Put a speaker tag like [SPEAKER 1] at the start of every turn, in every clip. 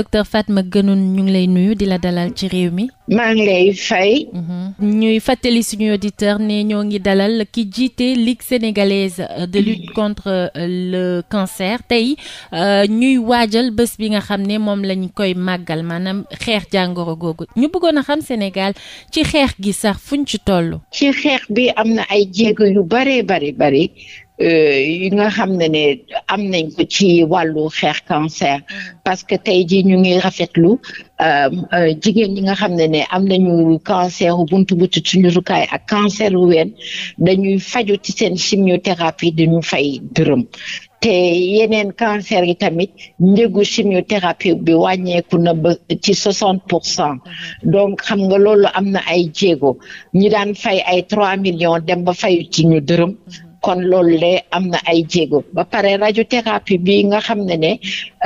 [SPEAKER 1] docteur Fatma Guenoune ñu ngi lay nuyu di la dalal ci réew mi. maa ngi lay fay. Mhm. ñuy fàttali suñu auditeur ne ñoo ngi dalal ki jiite ligue sénégalaise euh, de lutte mhm. contre euh, le cancer tey euh, ñuy waajal bés bi nga xam ne moom lañ koy màggal maanaam xeex jàngoro googu ñu bëggoon a xam Sénégal ci xeex gi sax fuñ ci toll.
[SPEAKER 2] ci xeex bi am na ay jéego yu bare bare bare yi euh, nga xam ne ne am nañ ko ci wàllu xeex cancer mm-hmm. parce que tey jii ñu ngi rafetlu euh, euh, jigéen ñi nga xam ne ne am nañu cancer buntu buntu suñu rukaay ak cancer wu ween mm-hmm. dañuy faju ci seen chimiothérapie dañu fay dërëm te yeneen cancer yi tamit njëgu chimiothérapie bi wàññeeku na ba ci soixante pour cent mm-hmm. donc xam nga loolu am na ay jéego ñi daan fay ay trois millions dem ba fayu ci ñu dërëm kon loolu le am na ay jéego ba pare radiothérapie bi nga xam ne ne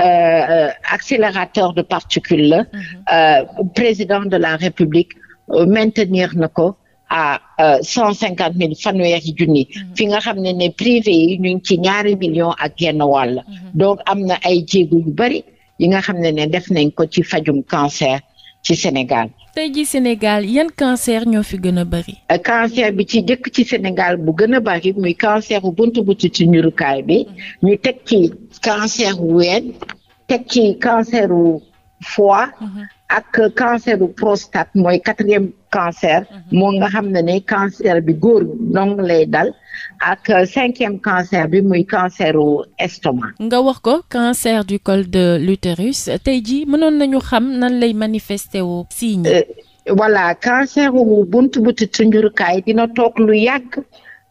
[SPEAKER 2] euh, accélérateur de particules la mhm. euh, président de la république euh, maintenir na ko à cent cinquante mille fanweeri junni mhm. fi nga xam ne ne privé yi ñu ngi ci ñaari millions ak genn wàll mhm. donc am na ay jéego yu bari yi nga xam ne ne def nañ ko ci fajum cancer ci Sénégal.
[SPEAKER 1] tey ji Sénégal yan cancer ñoo fi gën a bari.
[SPEAKER 2] Euh, cancer bi ci jëkk ci Sénégal bu gën a bari muy cancer bu buntu ci njurukaay bi mhm. ñu teg ci cancer wu ween teg ci cancer wu foie. Mhm. ak cancer prostate mooy quatrième. cancer mhm. moo nga xam ne ne cancer bi góor dong lay dal ak euh, cinquième cancer bi muy cancer u estomac
[SPEAKER 1] nga wax ko cancer du col de l'utérus tey ji mënoon nañu xam nan lay manifesté woo signe euh,
[SPEAKER 2] voilà cancer wu buntu butu tunjurukaay dina toog lu yàgg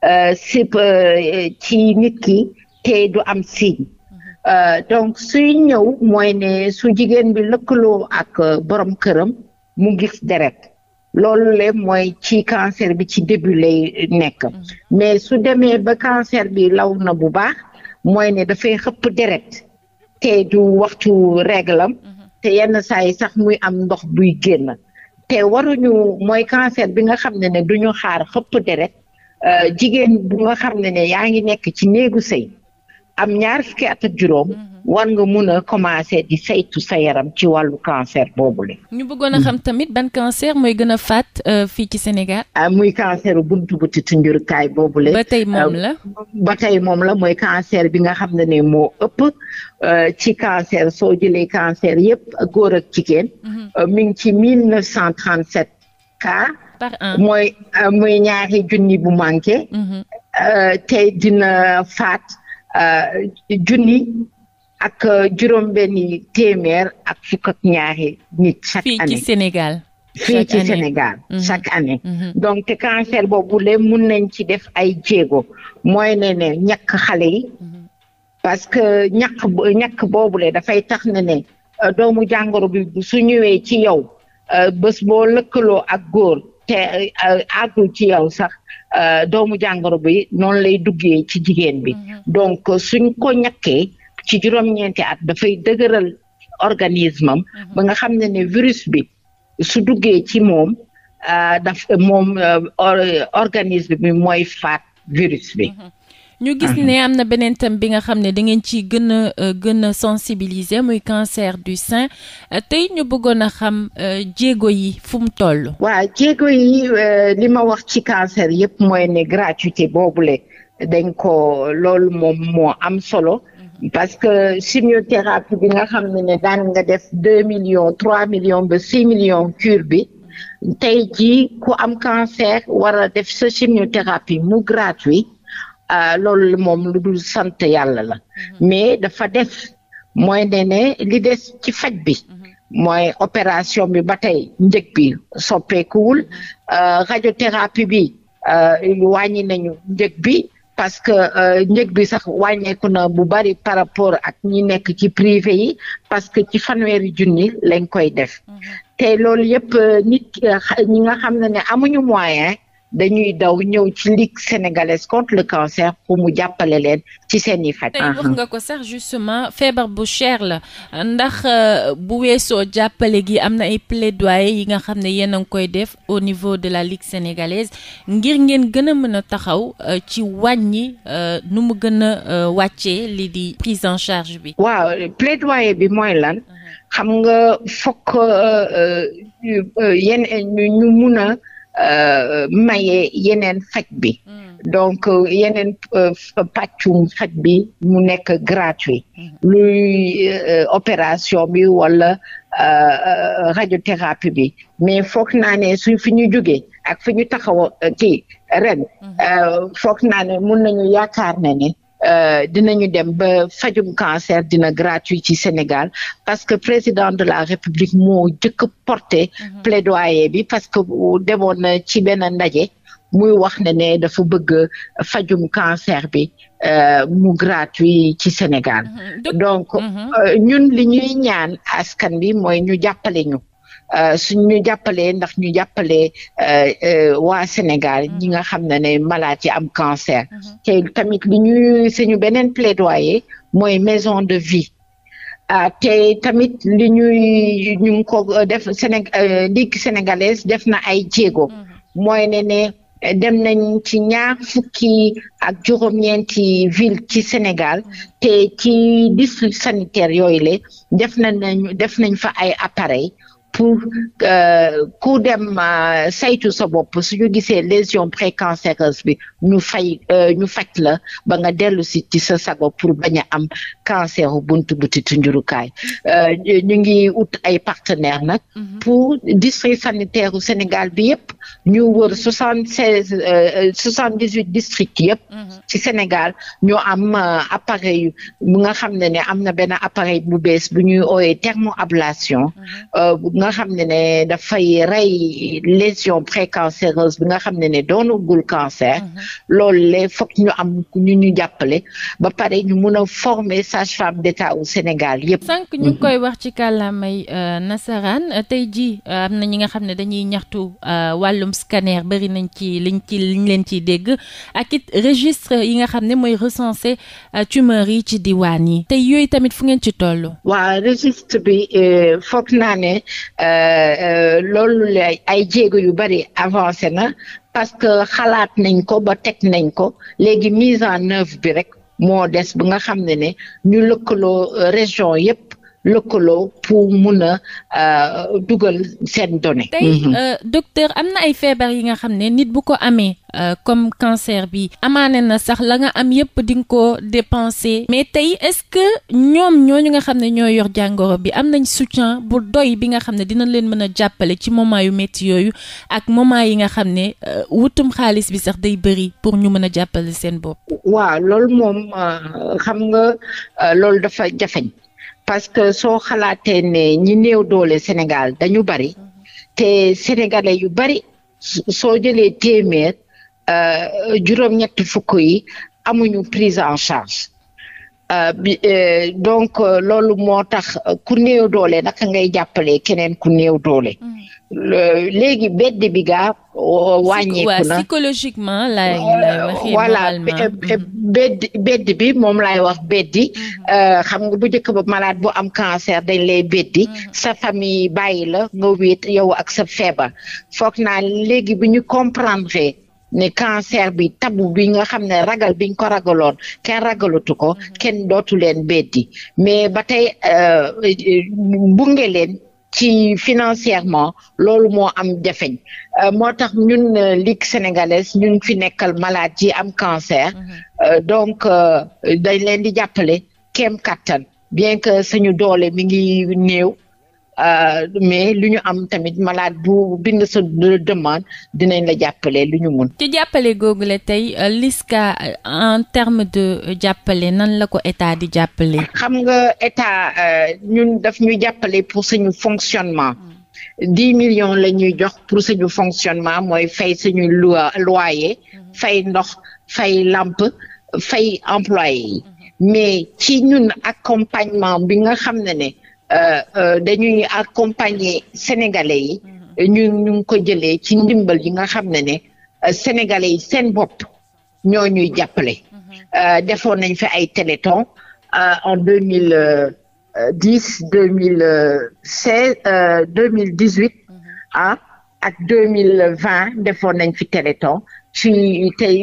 [SPEAKER 2] euh, si ci nit ki te du am signe mhm. donc suy ñëw mooy ne su jigéen bi lëkkaloo ak borom këram mu gis deret loolu le mooy ci cancer bi ci début lay nekk mhm. mais su demee ba cancer bi law na bu baax mooy ne dafay xëpp deret te du waxtu réglam mhm. te yenn saa yi sax muy am ndox buy génn te waruñu mooy cancer bi nga xam ne ne duñu xaar xëpp deret euh, jigéen bu nga xam ne ne yaa ngi nekk ci néegu sëy am ñaar fukki at ak juróom mhm. war nga mun a commencer di saytu sa yaram ci wàllu cancer boobu la.
[SPEAKER 1] ñu bëggoon a xam tamit ban cancer mooy gën a faat euh, fii ci Sénégal. Ah, muy cancer buntu butitu njurukaay boobu la. ba tey moom euh, la. ba tey moom la
[SPEAKER 2] mooy cancer bi nga xam ne ne moo ëpp euh, ci cancer soo jëlee cancer yépp góor ak jigéen. Mhm. mi ngi ci mille neuf cent trente sept cas. par an mooy ñaari junni bu manqué. Mhm. te dina faat. Euh, junni ak euh, juróom-benni téeméer ak fukk ak nit chaque année fii ci
[SPEAKER 1] Sénégal.
[SPEAKER 2] Mhm. chaque année. Mhm. donc te cancer boobu le mun nañ ci def ay jéego mooy ne ne ñàkk xale yi. Mhm. parce que ñàkk boobu le dafay tax ne euh, doomu jàngoro bi su ñëwee ci yow bés boo lëkkaloo ak góor. te euh, àggul ci yow sax euh, doomu jàngoro bi noonu lay duggee ci jigéen bi mm-hmm. donc euh, suñ ko ñàkkee ci juróom-ñeenti at dafay dëgëral organisme am mm-hmm. ba nga xam ne ne virus bi su duggee ci moom daf moom organisme bi mooy faat virus bi. Mm-hmm.
[SPEAKER 1] ñu gis mhm. ne am na beneen thème bi nga xam ne da ngeen ci gën a euh, gën a sensibiliser muy cancer du sein euh, tey ñu bëggoon a xam euh, jéego yi fu mu toll. waa
[SPEAKER 2] jéego yi li ma wax ci cancer yépp mooy ne gratuité boobule dañ ko loolu moom moo am solo. Mhm. parce que chimiothérapie bi nga xam ne ne daan nga def deux millions trois million ba six millions cure bi tey ci ku am cancer war def sa chimiothérapie mu gratuit Euh, loolu moom lu dul sant yàlla la mhm. mais dafa def mooy ne li des ci faj bi mhm. mooy opération bi ba tey njëg bi soppeekuwul mhm. euh, radiothérapie bi euh, wàññi nañu njëg bi parce que njëg bi sax wàññeeku na bu bari par rapport ak ñi nekk ci privé yi parce que ci fanweeri junni lañ koy def te loolu yëpp nga xam ne ne amuñu moyen dañuy daw ñëw ci ligue sénégalaise contre le cancer pour mu jàppale leen ci seen i faj. tey nga
[SPEAKER 1] ko sax justement feebar bu cher la ndax euh, bu weesoo jàppale gi am na ay plaidoyer yi nga xam ne yéen a ngi koy def au niveau de la ligue sénégalaise ngir ngeen gën a mën a taxaw euh, ci wàññi euh, nu mu gën a wàccee li di prise en charge bi.
[SPEAKER 2] waaw plaidoyer bi mooy lan xam nga fokk ñu mun Euh, maye yeneen faj bi mm. donc euh, yeneen euh, pàccum faj bi mu nekk gratuit mm-hmm. luy opération bi wala radiothérapie bi mais foog naa ne suñ fi ñu jógee ak fi ñu taxaw kii ren mm-hmm. foog naa ne mun nañu yaakaar ne ne Euh, dinañu dem ba fajum cancer dina gratuit ci Sénégal parce que président de la République moo jëkk porté mhm. plaidoyer bi parce que demoon na ci benn ndaje muy wax ne ne dafa bëgg fajum cancer bi euh, mu gratuit ci Sénégal mhm. donc mhm. euh, ñun li ñuy ñaan askan bi mooy ñu jàppale ñu Euh, suñ ñu jàppalee ndax ñu jàppalee euh, euh, waa Sénégal ñi nga xam ne ne malade yi am cancer mhm. te tamit li ñuy suñu beneen plaidoyer mooy maison de vie ah te tamit li ñuy ñu ngi ko def Séné ligue sénégalaise def na ay jéego mhm. mooy ne dem nañ ci ñaar fukki ak juróom-ñeenti ville ci Sénégal mhm. te ci district sanitaire yooyu le def nañ def nañ fa ay appareil pour euh, ku dem euh, saytu sa bopp ñu gisee lésion précancéreuse bi ñu fay euh, ñu faj la ba nga dellu si ci sa sago pour bañ a am cancer buntu butitu njurukaay ñu ngi ut ay partenaires nag mhm. pour district sanitaire u Sénégal bi yëpp ñu wër soixante seize mhm. soixante dix huit districts yëpp mhm. ci Sénégal ñu am appareil bu nga xam ne ne am na benn appareil bu bees bu ñuy ooyee thermoablation nga xam ne ne dafay rey lésion précancéreuse bi nga xam ne ne doonagul cancer mhm. lool le foog ñu am ñu ñu jàppale ba pare ñu mun a former sage femme d'état au Sénégal yëpp
[SPEAKER 1] sànq ñu koy wax ci kàllaamay euh, nasaraan euh, tey jii euh, am na ñi nga xam ne dañuy ñaxtu wàllum scanner bëri nañ ci liñ ci liñ leen ci dégg ak it registre yi nga xam ne mooy recenser tumeur yi ci diwaan yi tey yooyu tamit fu ngeen ci toll
[SPEAKER 2] waa registre bi foog naa ne Euh, euh, loolu la ay jéego yu bari avancé na parce que xalaat nañ ko ba teg nañ ko léegi mise en œuvre bi rek moo des bu nga xam ne ne ñu lëkkaloo euh, région yépp lëkkaloo pour mun a euh, dugal seen données. tey mhm. euh,
[SPEAKER 1] docteur am na ay feebar yi nga xam ne nit bu ko amee euh, comme cancer bi amaane na sax la nga am yépp di nga ko dépenser mais tey est-ce que ñoom ñooñu nga xam ne ñoo yor jàngoro bi am nañ soutien bu doy bi nga xam ne dinañ leen mën a jàppale ci moment yu métti yooyu ak moment yi nga xam ne wutum xaalis bi sax day bëri pour ñu mën a jàppale seen bopp.
[SPEAKER 2] waaw loolu moom xam nga loolu dafa jafeñ. parce que soo xalaatee ne ñi néew doole Sénégal dañu bari te sénégalais yu bari soo jëlee téeméer euh, juróom-ñetti fukk yi amuñu prise en change Euh, bi euh, donc euh, loolu moo tax ku néew doole naka ngay jàppale keneen ku néew doole. Mm. léegi bedd bi gaa wàññeeku na
[SPEAKER 1] psychologiquement mm.
[SPEAKER 2] bedd bedd bi moom laay wax beddi mm-hmm. xam nga bu njëkk ba malade bu am cancer dañ lay beddi mm-hmm. sa famille bàyyi la nga wéet yow ak sa feebar foog naa léegi bi ñu comprendre ni cancer bi tabu bi nga xam ne ragal bi nga ko ragaloon kenn ragalatu ko mm-hmm. kenn dootu leen beddi mais ba tey euh, bunge leen ci financièrement loolu moo am jafeñ euh, moo tax ñun euh, ligue sénégalaise ñun fi nekkal malaat yi am cancer mm-hmm. donc dañ leen di jàppale kéem kattan bien que suñu doole mi ngi néew Euh, mais lu ñu am tamit malade bu bind sa demande dinañ la jàppale
[SPEAKER 1] lu ñu mun. ci jàppale googu la tey euh, LISCA euh, en terme de jàppale nan la ko état di jàppale.
[SPEAKER 2] xam nga état ñun daf ñu jàppale pour suñu fonctionnement. dix millions la ñuy jox pour suñu fonctionnement mooy fay suñu loyer fay ndox fay làmp fay employé yi mhm. mais ci ñun accompagnement bi nga xam ne ne. Euh, euh, dañuy accompagner sénégalais yi mm-hmm. ñu ñu ko jëlee ci ndimbal yi nga xam ne ne euh, sénégalais yi seen bopp ñoo ñuy jàppale mm-hmm. defoon nañ fi ay téléthon en deux mille dix deux mille seize deux mille dix huit mm-hmm. ah ak deux mille vingt defoon nañ fi téléthon ci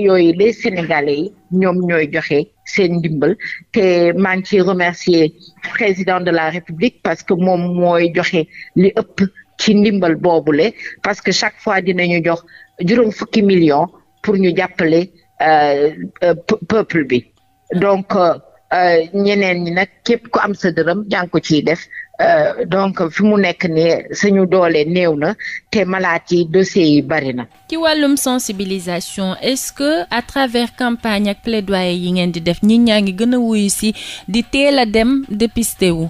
[SPEAKER 2] yooyu les sénégalais yi ñoom ñooy joxe. seen ndimbal te maa ngi ciy remercier président de la république parce que moom mooy joxe li ëpp ci ndimbal boobule parce que chaque fois dina ñu jox juróom fukki million pour ñu jàppale euh, euh, peuple bi donc euh, ñeneen ñi nag képp ku am sa dërëm jàng ko def Euh, donc fi mu nekk ni suñu doolee néew na te malaat yi dossiers yi bari na.
[SPEAKER 1] ci wàllum sensibilisation est-ce que à travers campagne ak plaidoyer yi ngeen di def ñi ñaa ngi gën a wuyu si di teel a dem dépister wu.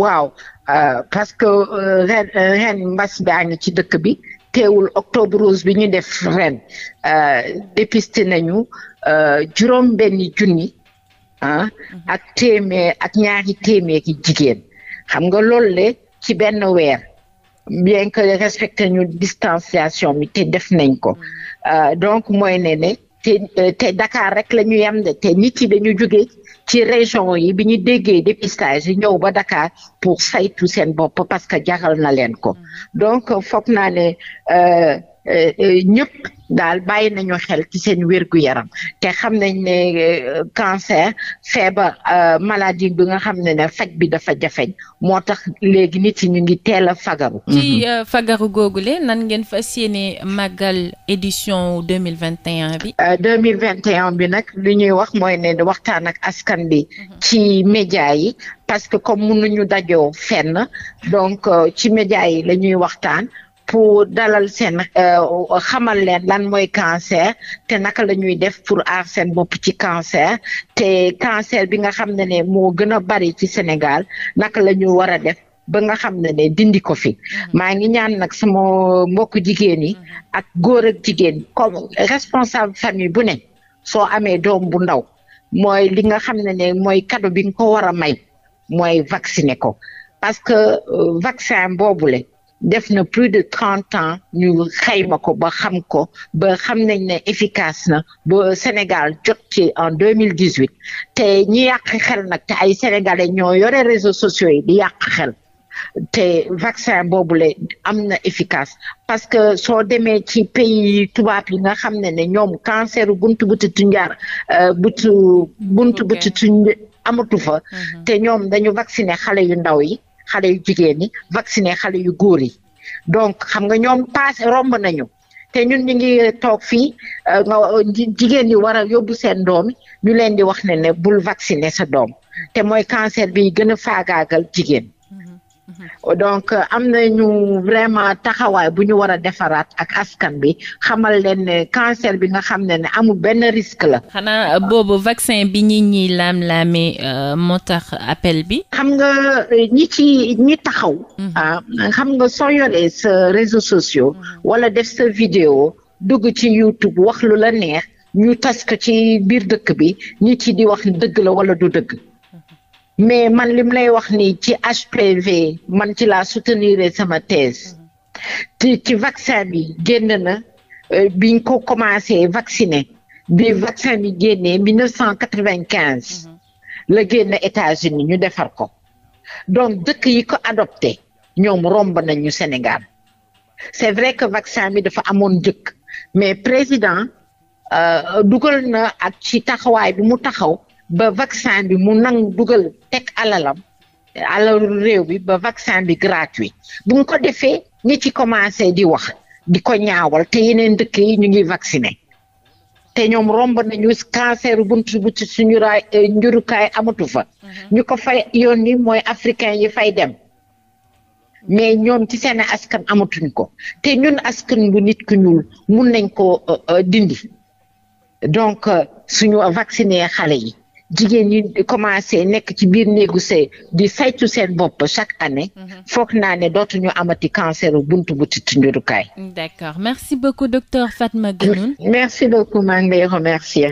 [SPEAKER 2] waaw euh, parce que euh, ren ren mbas baa ngi ci dëkk bi teewul octobre bi ñu def ren dépister nañu juróom benni junni ah, ak téeméer ak ñaari téeméer ki jigéen. xam nga loolu le ci benn weer bien que respecté ñu distanciation bi te def nañ ko mm. euh, donc mooy ne ne te euh, te Dakar rek la ñu yem de te nit yi dañu jóge ci région yi bi ñu déggee dépistage yi ñëw ba Dakar pour saytu seen bopp parce que jaxal na leen ko mm. donc foog naa ne euh, ñëpp. daal bàyyi nañu xel ci seen wér-gu-yaram te xam nañ ne euh, cancer feebar euh, maladie bi nga xam ne ne faj bi dafa jafeñ moo tax léegi nit yi ñu ngi teel a fagaru.
[SPEAKER 1] ci mhm. euh, fagaru googule nan ngeen fa yéene màggal édition deux mille vingt et un bi. deux mille vingt bi nag li ñuy wax mooy ne waxtaan ak
[SPEAKER 2] askan bi mhm. ci média yi. parce que comme mënuñu dajoo fenn donc ci média yi la ñuy waxtaan pour dalal seen euh, xamal leen lan mooy cancer te naka la ñuy def pour aar seen bopp ci cancer te cancer bi nga xam ne ne moo gën a bari ci Sénégal naka la ñu war a def ba nga xam ne ne dindi ko fi mm-hmm. maa ngi ñaan nag sama mbokk jigéen yi mm-hmm. ak góor ak jigéen comme responsable famille bu ne soo amee doom bu ndaw mooy li nga xam ne ne mooy kado bi nga ko war a may mooy vacciner ko parce que euh, vaccin boobule def na plus de trente ans ñu xayma ko ba xam ko ba xam nañ ne efficace na ba Sénégal jot ci en deux mille dix huit te ñi yàq xel nag te ay sénégalais ñoo yore réseaux sociaux yi di yàq xel te vaccin boobule am na efficace parce que soo demee ci pays tubaab yi nga xam ne ne ñoom cancer buntu butitu njaar butu euh, buntu butitu amatu fa mhm. te ñoom dañu vacciner xale yu ndaw yi xale yu jigéen ñi vacciner xale yu góor yi donc xam nga ñoom passé romb nañu te ñun ñu ngi toog fii euh, nga jigéen ñi war a yóbbu seen doom ñu leen di wax ne ne bul vacciner sa doom te mooy cancer bi gën a faagaagal jigéen. Mm-hmm. donc euh, am nañu vraiment taxawaay bu ñu war a defaraat ak askan bi xamal leen ne cancer bi nga xam ne ne amu benn risque la.
[SPEAKER 1] xanaa euh, boobu vaccin bi ñii ñi laam-laamee euh, moo tax appel bi. xam nga ñi ci ñi taxaw. Mm-hmm.
[SPEAKER 2] Ah, xam nga soo yoree
[SPEAKER 1] sa réseaux
[SPEAKER 2] sociaux. Mm-hmm. wala def sa vidéo dugg ci YouTube wax lu la neex ñu tas ko ci biir dëkk bi ñi ci di wax dëgg la wala du dëgg. mais man lim lay wax ni ci HPV man ci laa soutenir sama thèse ci ci vaccin bi génn na euh, biñ ko commencé vacciner bi vaccin bi génnee 1995 mhm. la génn États-Unis ñu defar ko donc dëkk yi ko adopté ñoom romb nañu Sénégal c'est vrai que vaccin bi dafa amoon njëkk mais président euh, dugal na ak ci taxawaay bi mu taxaw ba vaccin bi mu nangu dugal teg alalam alalu réew bi ba vaccin bi gratuit bu nga ko defee ñi ci commencé di wax di ko ñaawal te yeneen dëkk yi ñu ngi vacciné te ñoom romb nañu cancer kanser buntu suñu raay eh, njurukaay amatu fa. Mhm. ñu ko fay yoon ni mooy africain yi fay dem. mais ñoom ci seen askan amatuñ ko te ñun askan bu nit ku ñuul mun nañ ko eh, eh, dindi donc suñu vacciner xale yi jigéen ñi commencé nekk ci biir néegu sëy di saytu seen bopp chaque année. Mhm. foog naa ne dootuñu amati cancer buntu butitu njurukaay.
[SPEAKER 1] d'accord merci beaucoup docteur Fatma Guenoune. merci
[SPEAKER 2] beaucoup maa ngi lay remercier.